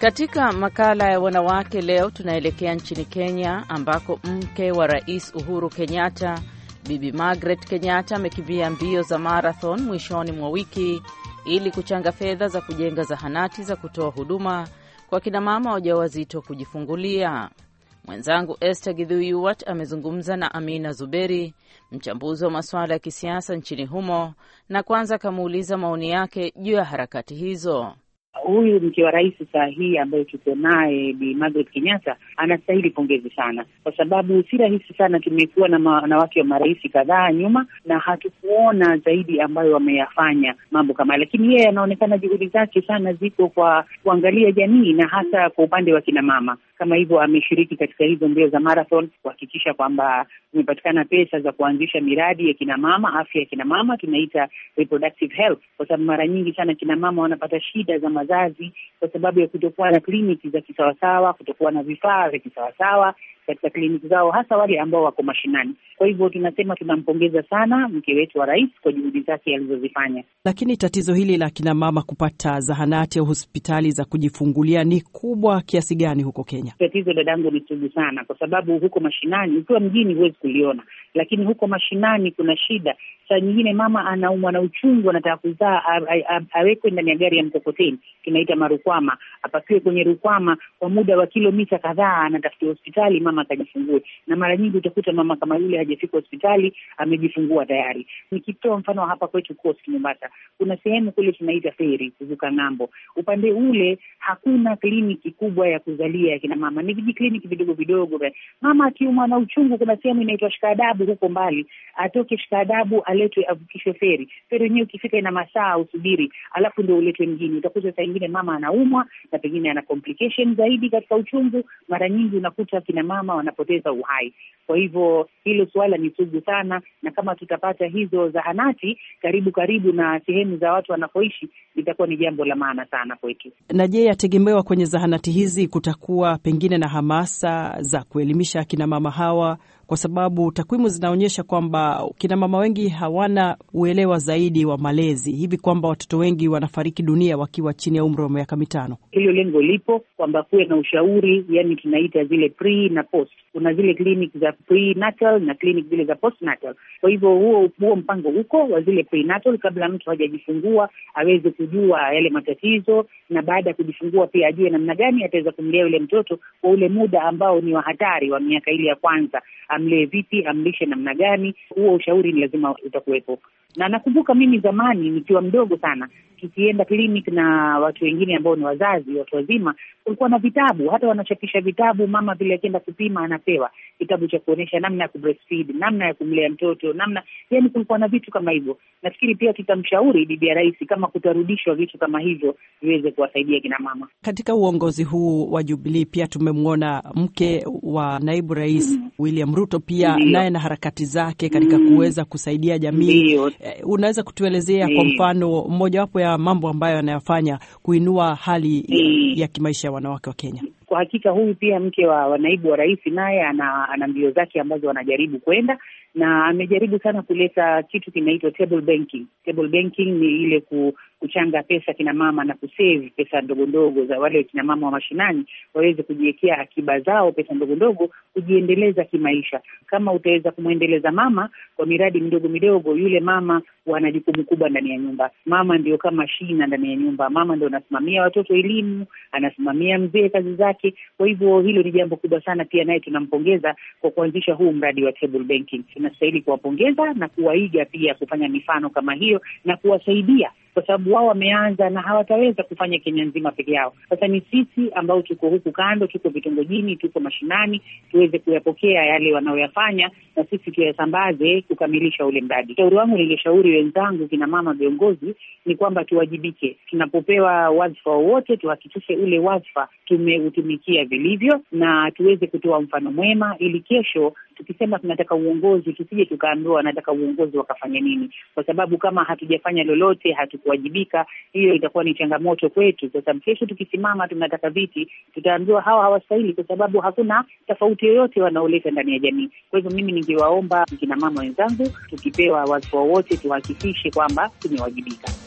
Katika makala ya wanawake leo, tunaelekea nchini Kenya ambako mke wa Rais Uhuru Kenyatta, Bibi Margaret Kenyatta, amekimbia mbio za marathon mwishoni mwa wiki ili kuchanga fedha za kujenga zahanati za kutoa huduma kwa kinamama wajawazito kujifungulia. Mwenzangu Esther Gidhuiwat amezungumza na Amina Zuberi, mchambuzi wa masuala ya kisiasa nchini humo, na kwanza akamuuliza maoni yake juu ya harakati hizo huyu mke wa rais saa hii ambaye tuko naye Bi Margaret Kenyatta anastahili pongezi sana, kwa sababu si rahisi sana. Tumekuwa na wanawake wa marais kadhaa nyuma na hatukuona zaidi ambayo wameyafanya mambo kama, lakini yeye anaonekana juhudi zake sana ziko kwa kuangalia jamii na hasa kwa upande wa kina mama. Kama hivyo ameshiriki katika hizo mbio za marathon kuhakikisha kwamba kumepatikana pesa za kuanzisha miradi ya kina mama, afya ya kina mama, tunaita reproductive health, kwa sababu mara nyingi sana kina mama wanapata shida za mazazi kwa sababu ya kutokuwa na kliniki za kisawasawa, kutokuwa na vifaa que si se basaba katika kliniki zao, hasa wale ambao wako mashinani. Kwa hivyo tunasema tunampongeza sana mke wetu wa rais kwa juhudi zake alizozifanya. Lakini tatizo hili la kina mama kupata zahanati au hospitali za kujifungulia ni kubwa kiasi gani huko Kenya? Tatizo dadangu, ni sugu sana, kwa sababu huko mashinani, ukiwa mjini huwezi kuliona, lakini huko mashinani kuna shida. Saa nyingine mama anaumwa na uchungu, anataka kuzaa, awekwe ndani ya gari ya mkokoteni, tunaita marukwama, apakiwe kwenye rukwama kwa muda wa kilomita kadhaa, anatafutia hospitali mama akajifungue, na mara nyingi utakuta mama kama yule hajafika hospitali, amejifungua tayari. Nikitoa mfano hapa kwetu Koski Mombasa, kuna sehemu kule tunaita feri, kuvuka ng'ambo, upande ule hakuna kliniki kubwa ya kuzalia ya kina mama, ni vijikliniki vidogo vidogo. Mama akiumwa na uchungu, kuna sehemu inaitwa Shikaadabu huko mbali, atoke Shikaadabu aletwe, avukishwe feri. Feri yenyewe ukifika ina masaa usubiri, alafu ndo uletwe mjini. Utakuta saa ingine mama anaumwa na pengine ana complication zaidi katika uchungu. Mara nyingi unakuta kina mama wanasimama, wanapoteza uhai. Kwa hivyo hilo suala ni sugu sana, na kama tutapata hizo zahanati karibu karibu na sehemu za watu wanapoishi, litakuwa ni jambo la maana sana kwetu. Na je, yategemewa kwenye zahanati hizi kutakuwa pengine na hamasa za kuelimisha akina mama hawa kwa sababu takwimu zinaonyesha kwamba kinamama wengi hawana uelewa zaidi wa malezi, hivi kwamba watoto wengi wanafariki dunia wakiwa chini ya umri wa miaka mitano. Hilo lengo lipo kwamba kuwe na ushauri, yani tunaita zile pre na post kuna zile clinic za prenatal na clinic zile za postnatal. Kwa hivyo huo huo mpango uko wa zile prenatal, kabla mtu hajajifungua aweze kujua yale matatizo, na baada ya kujifungua pia ajue namna gani ataweza kumlea yule mtoto kwa ule muda ambao ni wa hatari wa miaka ile ya kwanza, amlee vipi, amlishe namna gani. Huo ushauri ni lazima utakuwepo na nakumbuka mimi zamani nikiwa mdogo sana kikienda klinik na watu wengine ambao ni wazazi, watu wazima, kulikuwa na vitabu, hata wanachapisha vitabu. Mama vile akienda kupima anapewa kitabu cha kuonyesha namna ya kubreastfeed, namna ya kumlea mtoto, namna yani, kulikuwa na vitu kama hivyo. Nafikiri pia tutamshauri bibi ya rahisi kama kutarudishwa vitu kama hivyo viweze kuwasaidia kina mama. Katika uongozi huu wa jubilii pia tumemwona mke wa naibu rais mm-hmm. William Ruto pia naye na harakati zake katika mm, kuweza kusaidia jamii. Eh, unaweza kutuelezea kwa mfano mojawapo ya mambo ambayo anayofanya kuinua hali ya kimaisha ya wanawake wa Kenya? Kwa hakika huyu pia mke wa naibu wa rais naye ana, ana mbio zake ambazo wanajaribu kwenda na amejaribu sana kuleta kitu kinaitwa table banking. Table banking ni ile ku, kuchanga pesa kina mama na kusevi pesa ndogo ndogo za wale kina mama wa mashinani, waweze kujiwekea akiba zao pesa ndogo ndogo kujiendeleza kimaisha. Kama utaweza kumwendeleza mama kwa miradi midogo midogo, yule mama wana jukumu kubwa ndani ya nyumba. Mama ndio kama shina ndani ya nyumba, mama ndio anasimamia watoto elimu, anasimamia mzee kazi zake. Kwa hivyo hilo ni jambo kubwa sana, pia naye tunampongeza kwa kuanzisha huu mradi wa table banking. Tunastahili kuwapongeza na kuwaiga pia kufanya mifano kama hiyo na kuwasaidia kwa sababu wao wameanza na hawataweza kufanya Kenya nzima peke yao. Sasa ni sisi ambao tuko huku kando, tuko vitongojini, tuko mashinani, tuweze kuyapokea yale wanaoyafanya na sisi tuyasambaze kukamilisha ule mradi. Ushauri wangu nilishauri wenzangu, kina mama viongozi, ni kwamba tuwajibike. Tunapopewa wadhifa wowote, tuhakikishe ule wadhifa tumeutumikia vilivyo, na tuweze kutoa mfano mwema ili kesho tukisema tunataka uongozi, tusije tukaambiwa wanataka uongozi wakafanya nini, kwa sababu kama hatujafanya lolote, hatukuwajibika, hiyo itakuwa ni changamoto kwetu, kwa sababu kesho tukisimama tunataka viti, tutaambiwa hawa hawastahili, kwa sababu hakuna tofauti yoyote wanaoleta ndani ya jamii. Kwa hivyo mimi ningewaomba kinamama wenzangu, tukipewa watu wowote, tuhakikishe kwamba tumewajibika.